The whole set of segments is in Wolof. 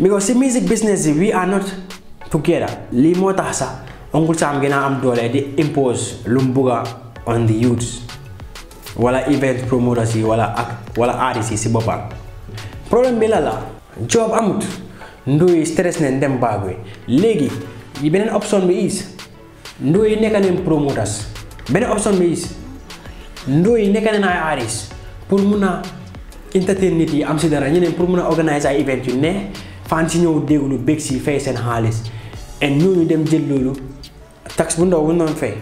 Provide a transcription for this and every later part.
because in music business we are not together li moo tax sax Uncle Sam gina am dole di impose lumbuga on the youths wala event promoters yi wala ak wala artists si boppam problem bi la la job amut nduy stress neen dem Legi, léegi benen option bi is nduy nekka neen promoters benen option bi is nduy nekka neen ay artistes pour mun entertain nit yi am si dara ñeneen pour mun ay event yu ne Fancy si ñëw déglu bég si fay seen xaalis and ñooñu dem jël loolu tax bu ndaw bu noonu fay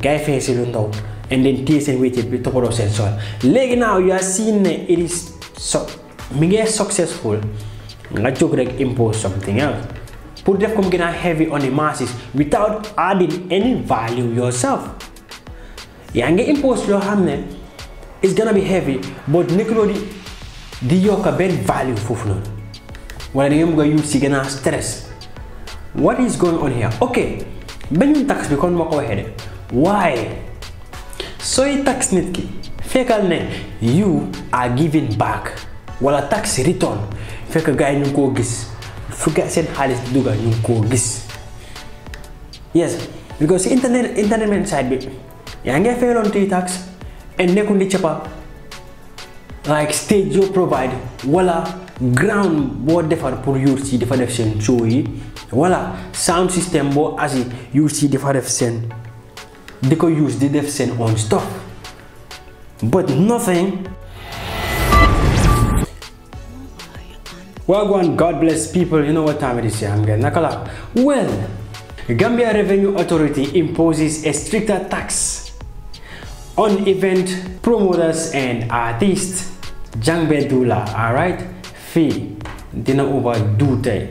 gars fay si lu ndaw and then téye seen wéccet bi topolo seen sol léegi now you are seen, ne it is so mi ngee successful nga jóg rek impose something else pour def comme gën heavy on the masses without adding any value yourself yaa ngi impose loo xam ne it's gonna be heavy but nekkuloo di di yokka benn value foofu noonu wala da ngeen bëgg a use si gën a stress what is going on here ok bañu tax bi kon ma ko waxee de waaye sooy tax nit ki fekkal ne you are giving back wala tax return fekk gars yi ñu ngi koo gis fu ga seen xaalis di dugga ñu ngi koo gis yes because si internet internet side bi yaa ngi fayaloon tuy tax and nekkul di cappa like stage you provide wala ground boo defar pour youths yi dafa def wala sound system boo as you see the def They can use the def on stuff but nothing One God bless people. You know what time it is. I'm getting Nakala. Well, Gambia Revenue Authority imposes a stricter tax on event promoters and artists Jang Bedula alright fii dina uba du tey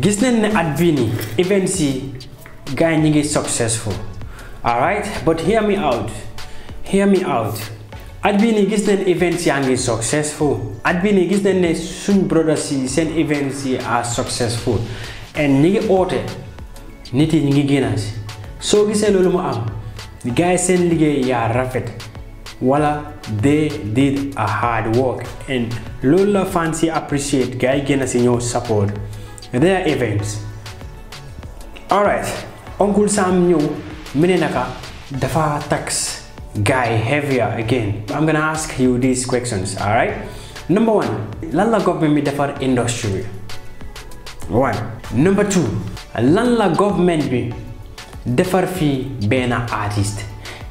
gis nañ ne at bii nii events ñi ngi successful alright but hear me out hear me out at gis nañ events yaa ngi successful at bii gis nañ ne suñ brothers yi seen events yi are successful and ñi ngi oote nit yi ñu ngi génn si soo gisee loolu mu am guys yi seen liggéey are rafet wala they did a hard work and Lola fancy appreciate guy yi si support their events alright Uncle Sam ñëw mu ne naka dafa tax guy heavier again I'm gonna ask you these questions alright number one lan la government bi defar industry one number two lan la government bi defar fi benn artiste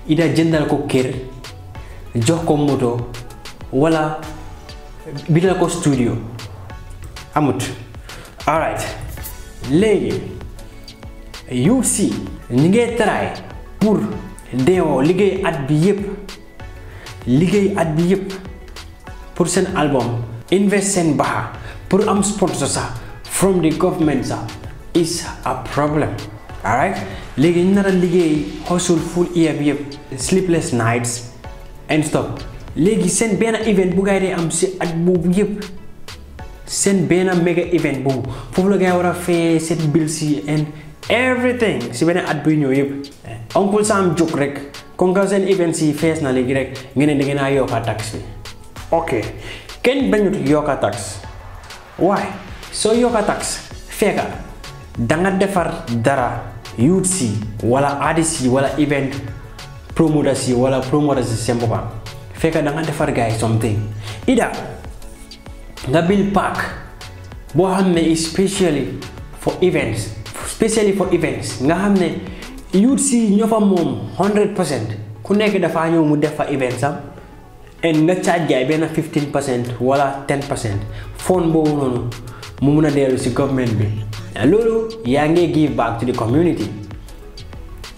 ida jëndal ko kër jox ko moto wala bindal ko studio amut alright léegi you see ñi ngay try pour deewoo liggéey at bi yëpp liggéey at bi yëpp pour seen album invest seen baxa pour am sponsor sax from the government sax is a problem alright léegi ñu liggéey hustle full year bi yëpp sleepless nights and stop léegi seen benn event bu gaay dee am si at boobu yëpp seen benn mega event boobu foofu la gaay war a fee seen bill si and everything si benn at buy ñëw yëpp Uncle Sam jóg rek kon nga seen event si fees na léegi rek ngeen ne da ngeen a yokka tax bi ok kenn bañut yokka tax waaye soo yokka tax fekka danga defar dara youth wala adisi wala event promoter si wala promoter si seen feka fekk danga defar gay something ida nga Bill park bo xam especially for events especially for events nga xam ne youth si 100 percent ku nekk dafa ñëw mu defa event sam and nga charge gaay ben 15 wala 10 percent phone bo noonu mu mun delu ci government bi Eh, loolu yaa ngee give back to the community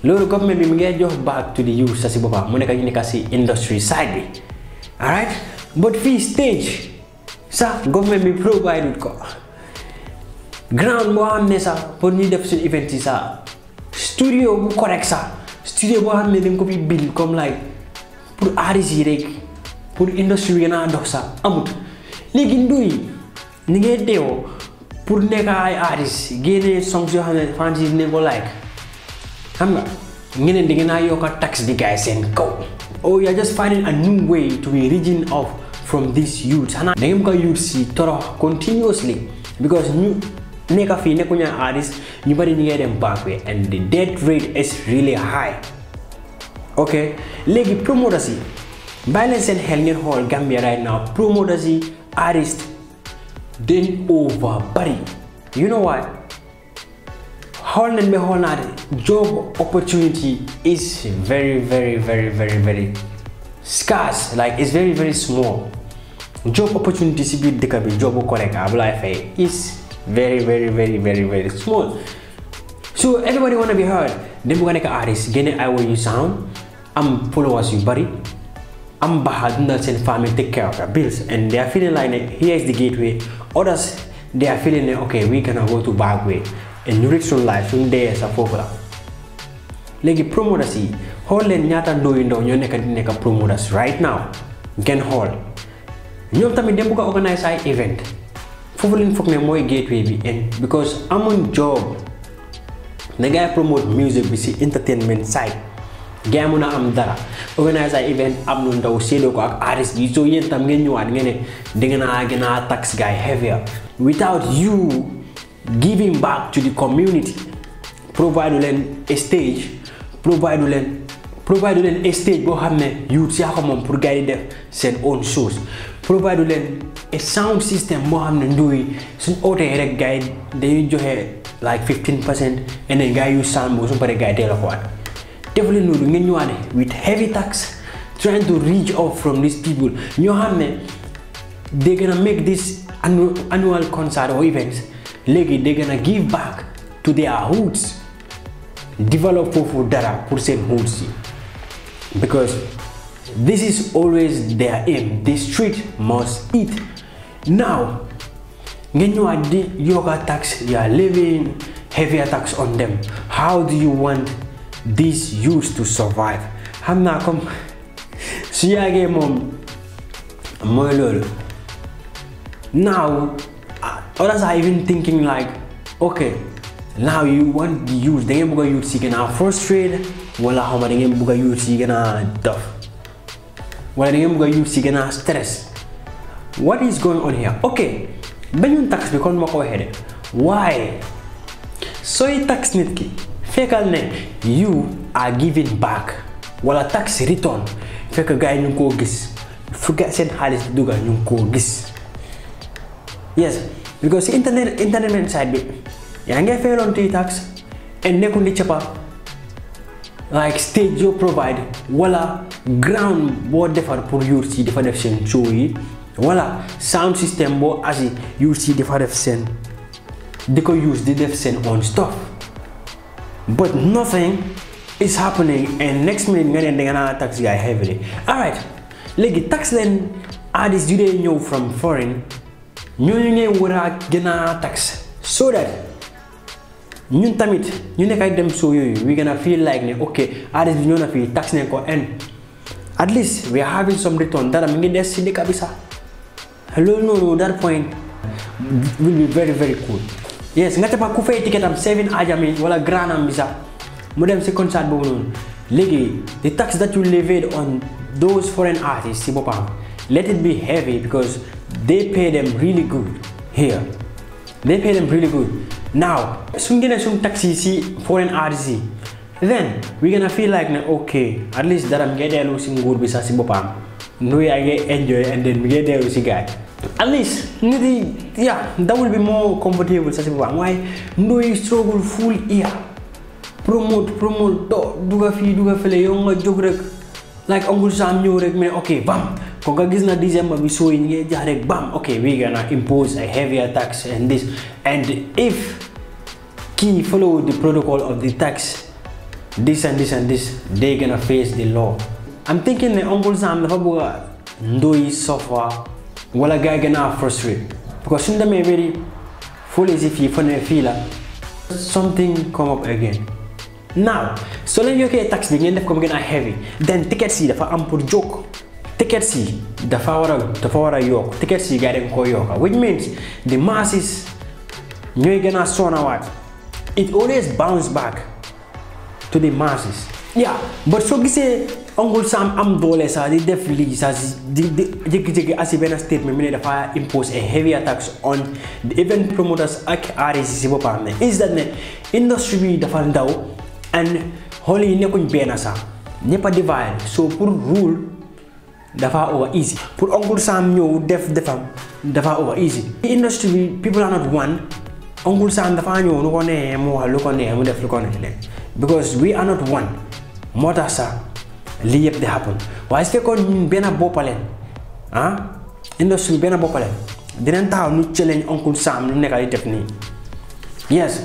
loolu government bi mu ngee jox back to the youth sa si boppam mu nekk ñu nekk si industry side bi alright but fii stage sax government bi provide ko ground boo xam ne sax pour ñu def si event yi sax studio bu correct sax studio boo xam ne dañ ko bi bind comme like pour artistes yi rek pour industrie yi naa dox sax amut léegi nduy ni ngee deewoo pour nekk ay artiste génnee songs yoo xam ne fans yi like xam nga ngeen di ngeen a yokk a tax di gaay seen kaw. oh you just finding a new way to be reaching off from these youths xanaa da ngeen ko youth si torox continuously because ñu nekk fii nekkuñu ay artiste ñu bari ñu ngi dem back way and the death rate is really high. ok léegi promoters yi bàyyi leen seen xel ngeen xool Gambia right now promoters yi artiste Then over body, you know what Holland Meholnade job opportunity is very very very very very scarce like it's very very small job opportunity si bir dëkk bi job ko life is very very very very very small so everybody wanna be heard Then dem gonna artist génne ay way yu sound am followers yu bari am Bahad Nelson family take care of their bills and they are feeling like here is the gateway. Others they are feeling like okay we gonna go to back way. and rich from Life from there as a formula. Legi promoters yi hol len nyaata do yi ndaw ñoo nekk kan- di nekk kan promoters right now gen hol ñoom tamit dem bëgg organize ay event fofu leen fokk ne mooy gateway bi and because amun job na promote music bi si entertainment side gaa mun a am dara organise ay event am lu ndaw séedoo ko ak artist yi soo yéen tam ngeen ñëwaat ngeen ne dangeen a gën a tax guy heavier without you giving back to the community provide leen stage provide leen provide leen stage boo xam ne youth si ko moom pour gars yi def seen own shows provide leen a sound system boo xam ne nduy suñ ootee rek gars yi dañuy joxe like 15 percent and then gars yu sound boobu su paree Definitely, no one with heavy tax trying to reach out from these people You have ne they gonna make this annual concert or events léegi they gonna give back to their hoods develop for dara for seen hoods because this is always their aim the street must eat now you are di yokka tax you are levying heavy tax on them how do you want this used to survive. Hamnakom siyage mom moilol. Now, uh, others are even thinking like, okay, now you want the youth, dengan buka youth sih kena frustrated, wala hama dengan buka youth sih kena tough, wala dengan buka youth sih kena stress. What is going on here? Okay, banyak tax bekon mau kau head. Why? Soy tax nitki. fekkal ne you are giving back wala tax return fekk gars yi ñu ngi koo gis fu seen xaalis di ñu ngi koo gis yes because si internet internet side bi yaa ngee fayaloon tii tax and nekkul di cappa like stage yoo provide wala ground boo defar pour youths yi dafa def seen show yi wala sound system boo asi youths yi dafa def seen di ko use di def seen own stuff but nothing is happening and next minute nga ne da nga naan tax guy heavily alright léegi tax leen artist yu dee ñëw from foreign ñooñu ngay war a gën a tax so that ñun tamit ñu nekk ay dem show yooyu we gonna feel like ne ok artist bi ñëw na fii tax nañ ko and at least we are having some return dara mi ngi des ci dëkk bi sax loolu noonu that point will be very very cool yes nga taba ku fay ticket am saving ajami wala grand am bi mu dem si concert boobu noonu léegi the tax that you levied on those foreign artists si boppam let it be heavy because they pay them really good here they pay them really good now suñ gënee suñ tax yi si foreign artists then we gonna feel like ne okay at least dara am ngay dellu si nguur bi sax si boppam nuy a enjoy and then we ngay dellu si gaay at least nidi yeah that will be more comfortable sa si buwan waaye struggle full year promote promote do duga fii duga fële yow nga jóg rek like Uncle Sam ñëw rek me ok bam ko nga gis na December bi soo yi ñu jaar rek bam ok we gonna impose a heavier tax and this and if key follow the protocol of the tax this and this and this they gonna face the law I'm thinking ne oncle Sam dafa bëgg ndoy suffer ولا قاعد انا frustrated because in the memory full as if you feel something come up again now zolang so you kay tax bi ngeen def ko mu a heavy then take yi dafa am pour joke take yi dafa war a dafa war a yokk tickets yi gars yi dañ koo yokka which means the masses ñooy gën a sonawaat it always bounce back to the masses yeah but soo gisee Oncle Sam am doole saa di def lii saa di di jékki-jékki asi benn statement mu ne dafa impose a heavy attacks on the event promoters ak artistes si boppam ne is that ne industry bi dafa ndaw and xool yi nekkuñ benn saa ñëpp a divide so pour rule dafa over easy pour ongul Sam ñëw def defam dafa over easy industry bi people are not one Oncle Sam dafa ñëw lu ko neexee mu wax lu ko neexee mu def lu ko neexee because we are not one moo tax sax lii yëpp di happen waaye su fekkoon ñun benn boppaleen ah industrie benn boppaleen dinañ taxaw nu challenge Uncle Sam lu nekk di def nii yes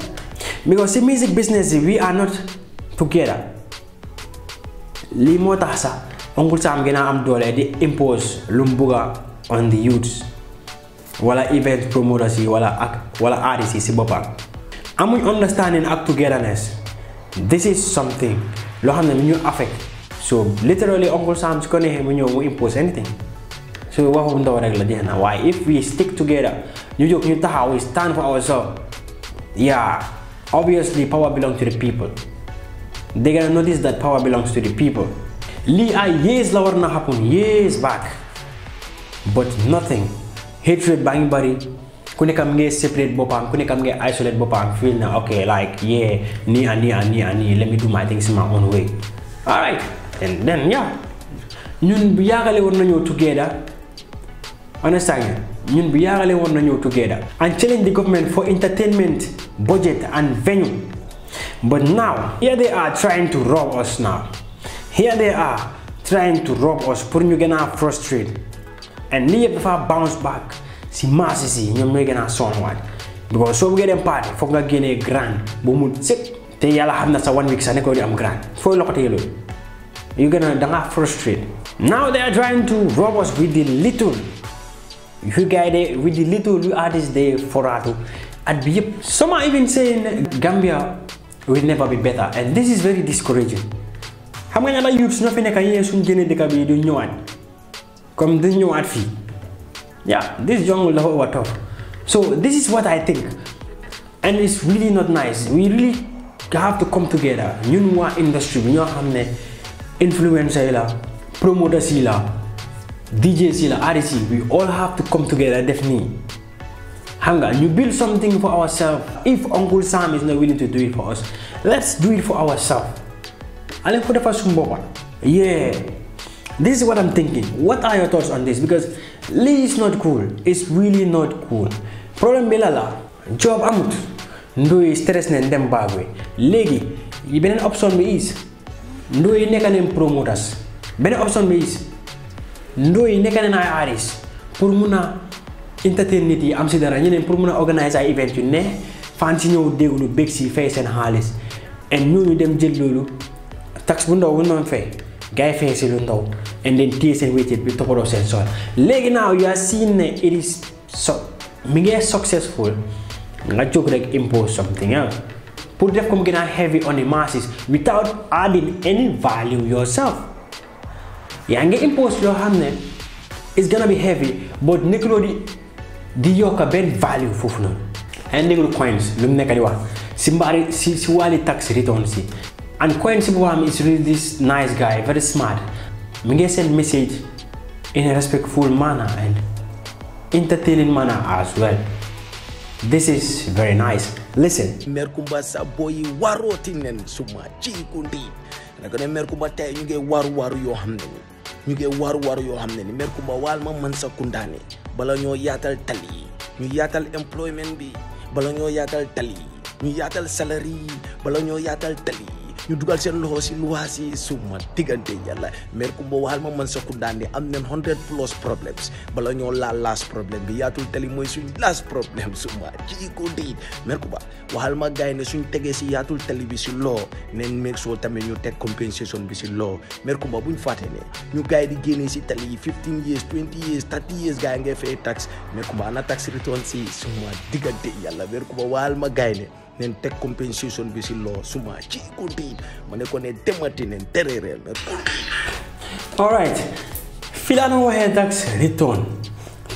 because si music business yi we are not together lii moo tax sax Uncle Sam gën a am doole di impose lu mu bugga on the youths wala event promoters yi wala ak wala artistes yi si boppam amuñ understanding ak togetherness this is something loo xam ne ñu affect so literally Uncle Sam's gonna mu ñëw mu impose anything so what ndaw to la jeex if we stick together ñu jóg ñu how we stand for ourselves yeah obviously power belongs to the people they gonna notice that power belongs to the people Li I years la war na happen years back but nothing hatred baa ngi bari ku nekkam separate bopam. ku nekkam ngay isolate boppam feel na okay like yeah ni ani ah, ani ah, ani. Ah, let me do my things in my own way all right And then, yeah, ñun bu yagale won nañu together. Understand? ñun bu yagale won nañu together. And challenge the government for entertainment budget and venue. But now, here they are trying to rob us now. Here they are trying to rob us pour ñu gëna frustrate. And li dafa bounce back si masses yi ñom ñoy gëna sonn waat. Because so bu gëdem party fokk nga gëné grand bu mu sëk té yalla xamna sa one week sa ne ko di am grand. Foy lokati you're gonna die frustrated. Now they are trying to rob us with the little. You guys, with the little artists they for would be Some are even saying Gambia will never be better, and this is very discouraging. How many other youths ñoo fi nekk yee suñ génnee dëkk bi one. Come comme new ñëwaat fi. yeah this jungle dafa over tough so this is what I think and it's really not nice we really have to come together New waa industry bi ñoo xam influencer yi la promoters yi la DJs yi la we all have to come together definitely. nii you build something for ourselves if Uncle Sam is not willing to do it for us let's do it for ourselves ale for the first one, yeah this is what I'm thinking what are your thoughts on this because this is not cool it's really not cool Problem, bi la job amut ndoy stress ne dem baagwe legi beneen option bi is ndoyi nekkaleen promoters beneen option bi is yi nekkaleen ay artistes pour mun a entertain nit yi am si dara ñeneen pour mun a organiser ay event yu ne fan si ñëw déglu bég si fay seen xaalis and ñu dem jël loolu tax bu ndaw bu noonu fay gars yi fay si lu ndaw and then téye seen wéccet bi toppaloo seen sol léegi now you are seeing ne it is so mi ngee successful nga jóg rek impose something else ah. Put that come gonna heavy on the masses without adding any value yourself. yaa ngi impose yoo xam gonna be heavy but nekkuloo di di yokk value for fun. And déglu coins lu mu nekk di si mbaari si si tax and coins Simbari is really this nice guy very smart mi ngi send message in a respectful manner and entertaining manner as well this is very nice Listen. Mère Kumba sa boy yi waarooti nen suma ci kundi naka ne Mère Kumba tey ñu ngi waaru waaru yoo xam ne ñu ngi waaru waaru yoo xam ne ni Mère Kumba waal ma man sa kundaane bala ñoo yaatal tali ñu yaatal employment bi bala ñoo yaatal tali yi ñu yaatal salari yi bala ñoo yaatal tali yi ñu dugal seen loxo si luwaas yi suma diggante yàlla maire Kumba waxal ma man saku daandi am nen hundred plus problems bala ñoo laal laas problème bi yaatul tali mooy suñ laas problème suma jii ko diit maire Kumba waxal ma gars yi tegee si yaatul tali bi si loo neen make tamit ñu teg compensation bi si loo maire Kumba buñ fàtte ñu gars di génnee si tali yi fifteen years twenty years thirty years gars yi ngay fay tax maire Kumba ana tax return diggante yàlla maire Kumba waxal ma gars ne neen teg compensation bi si loo suma ci kunti ma ko ne demati neen terereel all right fii laa doon tax return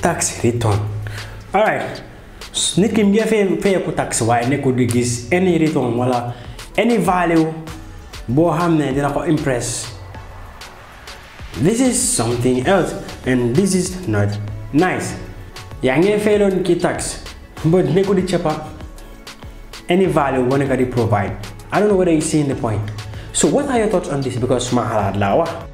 tax return all right nit ki ngee fee feeku tax waaye nekkul di gis any return wala any value boo xam ne dina ko impress this is something else and this is not nice yaa ngee feeloon ki tax but nekkul di cappa any value when Wanagari provide. I don't know whether you see seeing the point. So what are your thoughts on this? Because lawa.